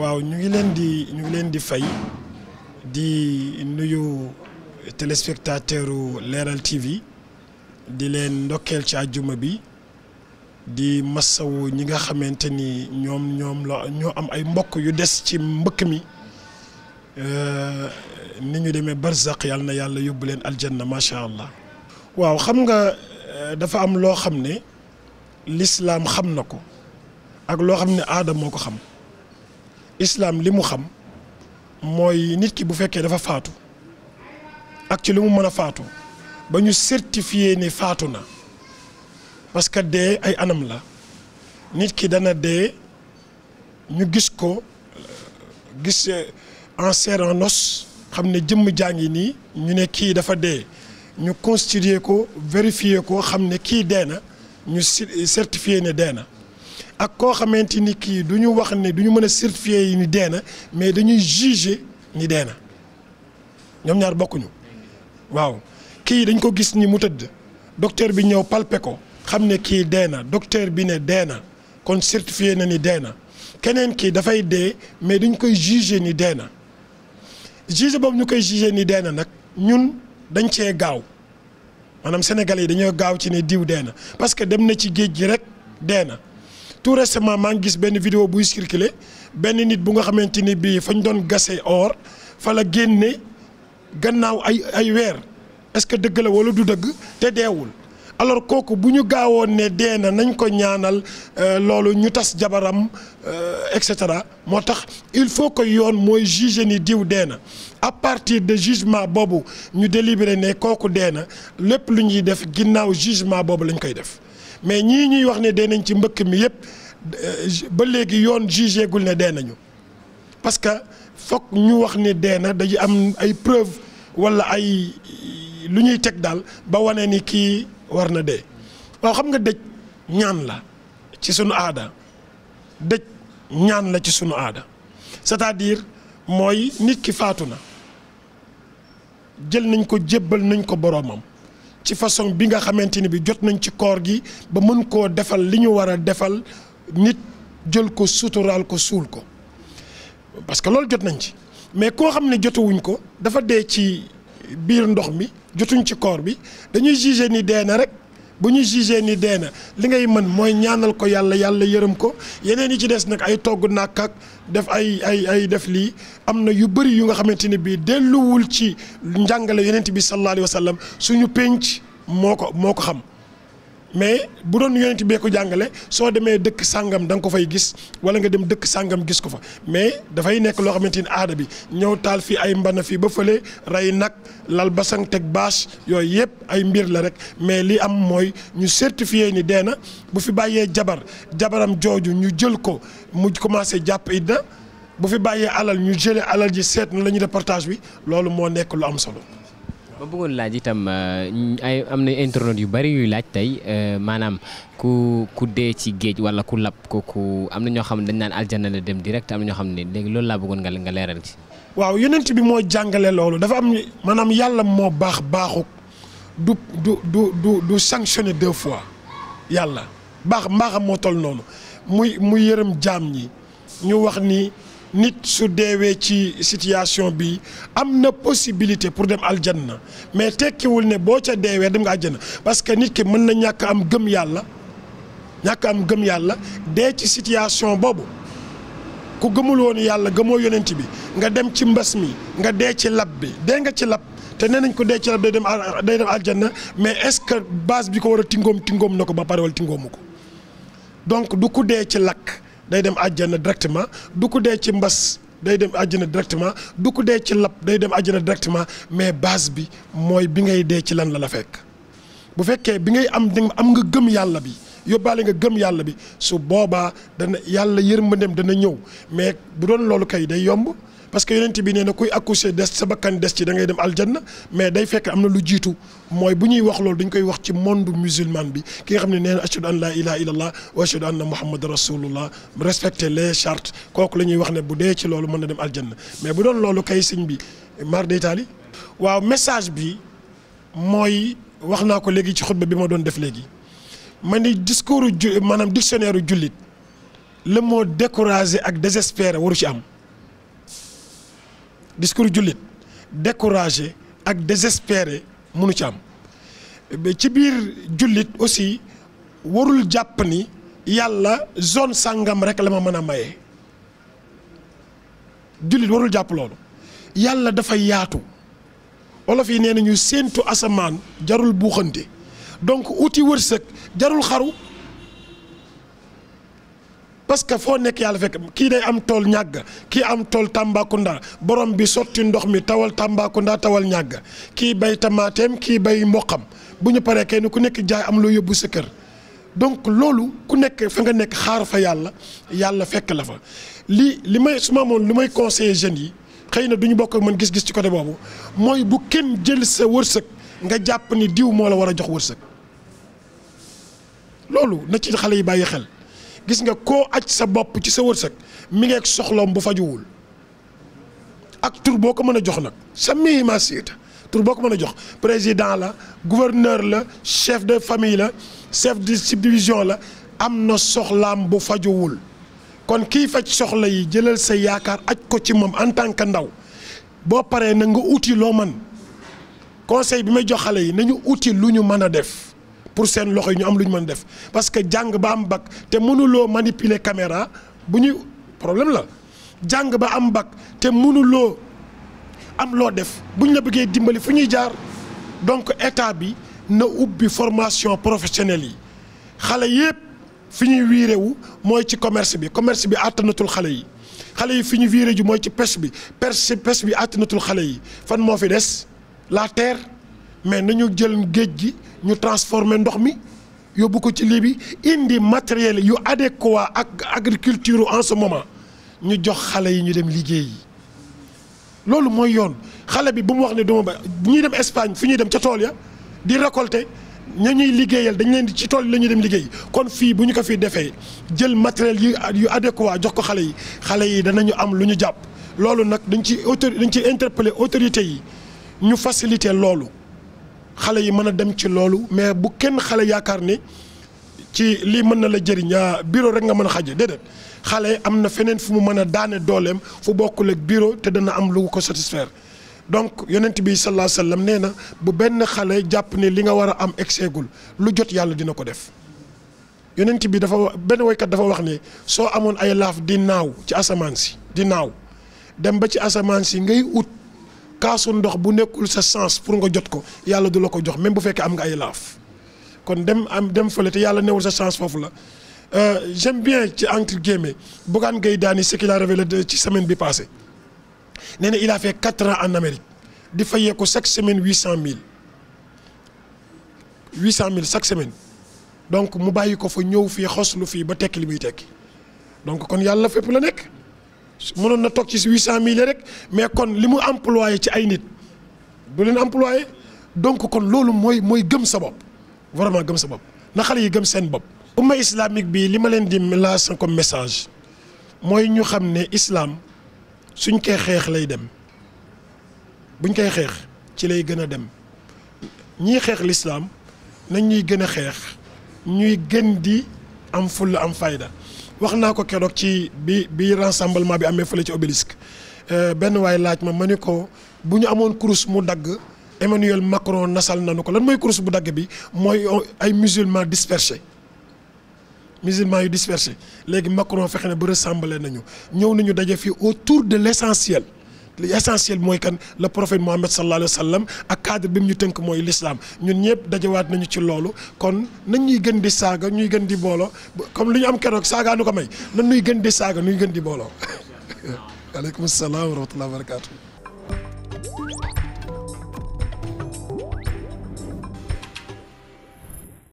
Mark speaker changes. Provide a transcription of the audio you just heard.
Speaker 1: waaw ñu ngi leen di ñu ngi leen di fay di nuyu téléspectateur Leral TV di leen ndokkeel ci àjjuma bi di masawu ñi nga xamante ni ñoom ñoom la ñoo am ay mbokk yu des ci mbëkk mi euh, ni ñu demee barzaq yàlla na yàlla yóbbu leen aljanna macha allah. waaw xam nga euh, dafa am loo xam ne lislaam xam na ko ak loo xam ne aada moo ko xam. islam li mu xam mooy nit ki bu fekkee dafa faatu ak ci li mu mën a faatu ba ñu certifié ni faatu na parce que dee ay anam la nit ki dana dee ñu gis ko euh, gis euh, en chair en os xam ne jëmm jàngi nii ñu ne kii dafa dee ñu constitué ko vérifié ko xam ne kii dee na ñu certifié ne dee na ak koo xamante ni kii du ñu wax ne du ñu mën a certifier yi ni dee na mais dañuy juger ni dee na ñoom ñaar bokkuñu waaw kii dañ ko gis ni mu tëdd docteur bi ñëw palpe ko xam ne kii deena na docteur bi ne dee na kon certifié na ni dee na keneen kii dafay dee mais dañ koy juger ni dee na juger boobu ñu koy juger ni dee na nag ñun dañ cee gaaw maanaam sénégalais yi dañoo gaaw ci ne diw dee na parce que dem na ci géej gi rek dee na tout récemment maa ngi gis benn vidéo buy circulé benn nit bu nga xamante ni bii fa fañ doon gasee or fa la génne gannaaw ay ay weer est-ce que dëgg la wala du dëgg te deewul alors kooku bu ñu gaawoon ne dee na nañ ko ñaanal euh, loolu ñu tas jabaram euh, et cetera moo tax il faut que yoon mooy juger ni diw dee na à partir de jugement boobu ñu délibéré ne kooku dee na lépp lu ñuy def ginnaaw jugement boobu lañ koy def. mais ñii ñuy wax ne dee nañ ci mbëkk mi yëpp euh, ba léegi yoon jugé gul ne dee nañu parce que foog ñu wax ne dee na dañu am ay preuve walla ay lu ñuy teg daal ba wane ni kii war na dee waaw xam nga dëj ñaan la ci sunu aada dëj ñaan la ci sunu aada c'est-à-dire mooy nit ki faatu na jël nañ ko jébbal nañ ko boroomam ci façon bi nga xamante ni bi jot nañ ci koor gi ba mën koo defal li ñu war a defal nit jël ko suturaal ko suul ko parce que loolu jot nañ ci mais koo xam ne jotuwuñ ko dafa dee ci biir ndox mi jotuñ ci koor bi dañuy jugé ni dee na rek. bu ñu jugee ni dee na li ngay mën mooy ñaanal ko yàlla yàlla yërëm ko yeneen yi ci des nag ay togg nàkk ak def ay ay ay def lii am na yu bëri yu nga xamante ni bii delluwul ci njàngale yonent bi sallallahu alayhi wa sallam suñu pénc moo ko moo ko xam mais bu doon yonent bee ko jàngale soo demee dëkk sàngam da nga ko fay gis wala nga dem dëkk sàngam gis ko fa mais dafay nekk loo xamante ni aada bi ñëw taal fii ay mbana fii ba fële rey nag lal basang teg bâche yooyu yëpp ay mbir la rek mais li am mooy ñu certifié ni dee na bu fi bàyyee jabar jabaram jooju ñu jël ko mu commencé jàpp idda bu fi bàyyee alal ñu jëlee alal ji seet na la ñu reportage bi loolu moo nekk lu am solo ba bëggoon laaj itam euh, ay am na internautes yu bari yuy laaj tey euh, maanaam ku ku dee ci géej wala ku lab ko ku am na ñoo xam ne dañ naan aljanna la dem direct am na ñoo xam ne léegi loolu laa bëggoon nga nga leeral ci. waaw yonent bi moo jàngale loolu dafa am maanaam yàlla moo baax baaxu du du du du du sanctionné deux fois yàlla baax mbaaxam moo toll noonu muy muy yërëm jaam ñi ñu wax ni. nit su deewee ci situation bi am na possibilité pour dem aljanna mais tekkiwul ne boo ca deewee dem nga aljanna parce que nit ki mën na ñàkk am gëm yàlla ñàkk am gëm yàlla dee ci situation boobu ku gëmul woon yàlla gëmoo yonent bi nga dem ci mbas mi nga dee ci lab bi dee nga ci lab te nee nañ ko dee ci lab day dem day dem aljanna mais est-ce que base bi ko war a tingoom tingoom na ko ba parewal wala tingoomu ko donc du ku dee ci lakk day dem àjjana directement du ko dee ci mbas day dem àjjana directement du ko dee ci lab day dem àjjana directement mais base bi mooy bi ngay dee ci lan la la fekk bu fekkee bi ngay am am nga gëm yàlla bi yóbbaale nga gëm yàlla bi su boobaa dana yàlla yërmandeem dana ñëw mais bu doon loolu kay day yomb parce que yonent bi nee na kuy accoucher des sa bakkan des ci da ngay dem aljanna mais day fekk am na lu jiitu mooy bu ñuy wax loolu dañ koy wax ci monde musulman bi ki nga xam ne nee na ashhadu an laa ilaha illallah wa ashhadu anna muhammad rasulullah respecter les chartes kooku la ñuy wax ne bu dee ci loolu mën na dem aljanna mais bu doon loolu kay sëñ bi mar d'Italie waaw message bi mooy wax naa ko léegi ci xutba bi ma doon def léegi man di discours ju maanaam dictionnaire jullit le mot découragé ak désespéré waru ci am discours jullit découragé ak désespéré munu ci am ci biir jullit aussi warul jàpp ni yàlla zone sàngam rek la ma mën a maye jullit warul jàpp loolu yàlla dafa yaatu olof yi nee nañu séentu asamaan jarul buuxante donc uti wërsëg jarul xaru parce que foo nekk yàlla fekk kii day am tool ñàgg kii am tool Tambacounda borom bi sotti ndox mi tawal Tambacounda tawal ñàgg kii bay tamaateem kii bay mboqam bu ñu paree kenn ku nekk jaay am loo yóbbu sa kër donc loolu ku nekk fa nga nekk xaar fa yàlla yàlla fekk la fa lii li may su ma amoon li may conseiller jeunes yi xëy na du ñu bokk ak man gis-gis ci côté boobu mooy bu kenn jël sa wërsëg nga jàpp ni diw moo la war a jox wërsëg loolu na ci xale yi bàyyi xel. gis nga koo aj sa bopp ci sa wërsëg mi ngeeg soxloom bu fajuwul ak tur boo ko mën a jox nag sa mii ma siita tur boo ko mën a jox président la gouverneur la chef de famille la chef de subdivision la am na soxlaam bu fajuwul kon kii faj soxla yi jëlal sa yaakaar aj ko ci moom en tant que ndaw boo paree na nga uti loo man conseil bi may jox xale yi nañu uti lu ñu mën a def pour seen loxo yi ñu am lu ñu mën def parce que jàng ba am bac te mënuloo manipuler caméra bu ñu problème la jàng ba am bac te mënuloo am loo def bu ñu la bëggee dimbali fu ñuy jaar donc état bi na ubbi formation professionnelle yi xale yépp fi ñuy wiire wu mooy ci commerce bi commerce bi àttanatul xale yi xale yi fi ñu wiire ju mooy ci pêche bi pêche pêche bi àttanatul xale yi fan moo fi des la terre mais nañu jël géej gi ñu transformer ndox mi yóbbu ko ci lii indi matériel yu adéquat ak agriculture en ce ñu jox xale yi ñu dem liggéey yi loolu mooy yoon xale bi bu mu wax ne duma ba ñuy dem Espagne fu ñuy dem ca tool ya di récolter ña ñuy liggéeyal dañ leen di ci tool yi la ñuy dem liggéey kon fii bu ñu ko fii defee jël matériel yu yu adéquat jox ko xale yi xale yi danañu am lu ñu jàpp loolu nag dañ ci autor dañ ci interpeller autorités yi ñu faciliter loolu xale yi mën a dem ci loolu mais bu kenn xale yaakaar ni ci lii mën na la jëriñ ah, bureau rek nga mën a xaje déedéet xale am na feneen fu mu mën a daane dooleem fu bokkul ak bureau te dana am lu ko satisfaire donc yonent bi sallallahu alayhi wasallam nee na bu benn xale jàpp ni li nga war a am egseegul lu jot yàlla dina ko def yonent bi dafa benn woykat dafa wax ne soo amoon ay laaf di naaw ci asamaan si di naaw dem ba ci asamaan si ngay ut kaasu ndox bu nekkul sa chance pour nga jot ko yàlla du la ko jox même bu fekkee am nga ay laaf kon dem am dem fële te yàlla newul sa chance foofu la euh, j'aime bien ci entre guillemets Bougane Gueye Dany ce qu'il a révélé ci semaine bi passée nee na il a fait quatre ans en Amérique di fayee ko chaque semaine huit cent mille huit cent mille chaque semaine donc mu bàyyi ko fa ñëw fii xoslu fii ba tekki li muy tekki donc kon yàlla fépp la nekk. mënoon na toog ci huit cent mille rek mais kon li mu employé ci ay nit du leen employé donc kon loolu mooy mooy gëm sa bopp vraiment gëm sa bopp na xale yi gëm seen bopp. umma islamique bii li ma leen di lancer comme message mooy ñu xam ne islaam suñ koy xeex lay dem buñ koy xeex ci lay gën a dem ñii xeex l'islam nañ ñuy gën a xeex ñuy gën di am fulla am fayda. wax naa ko keroog ci bi bi rassemblement bi amee fële ci obélisque euh, benn waay laaj ma ma ni ko bu ñu amoon kurus mu dagg Emmanuel Macron nasal nanu ko lan mooy kurus bu dagg bi mooy euh, ay musulmans dispersés musulmans yu dispersés léegi Macron fexe na ba ressembler nañu ñëw nañu daje fii autour de l'essentiel li essentiel mooy kan le prophète Mohammed sallallahu alayhi wa sallam ak cadre bi mu ñu tënk mooy l'islam ñun ñëpp dajawaat nañu ci loolu kon nañ ñuy gën di saaga ñuy gën di boolo comme lu ñu am keroog saaga ko may nan ñuy gën di saaga ñuy gën di booloo. waaleykum salaam wa rahmatulah wa barakaatu.